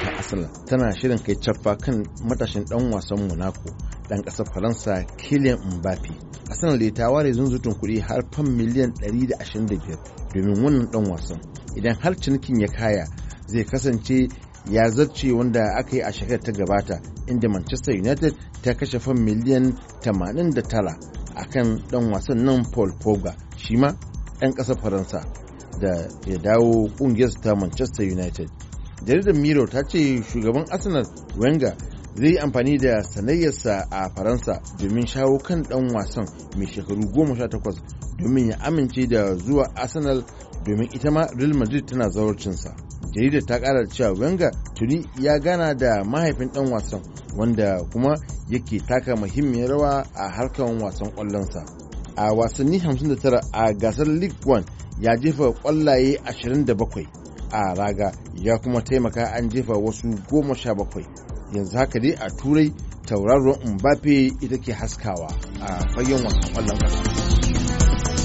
ta Arsenal tana shirin kai caffa kan matashin dan wasan Monaco dan kasar Faransa Kylian Mbappe. Arsenal da ta ware zunzutun kuɗi har fan miliyan 125 domin wannan dan wasan. Idan har cinikin ya kaya zai kasance ya zarce wanda aka yi a shekarar ta gabata inda Manchester United ta kashe fan miliyan 89 kan dan wasan nan Paul Pogba shi ma ɗan ƙasar Faransa da ya dawo kungiyar ta Manchester United. jaridar miro ta ce shugaban arsenal wenger zai yi amfani da sanayyarsa a faransa domin shawo kan dan wasan mai shekaru 18 domin ya amince da zuwa arsenal domin ita ma real madrid tana zawarcinsa jaridar ta kara cewa wenger tuni ya gana da mahaifin dan wasan wanda kuma yake taka muhimmiyar rawa a harkar wasan kwallonsa a wasanni 59 a gasar league 1 ya jefa kwallaye 27 a raga ya kuma taimaka an jefa wasu goma sha bakwai yanzu haka dai a turai tauraron mbappe ita ke haskawa a fagen wasan kwallon ƙasa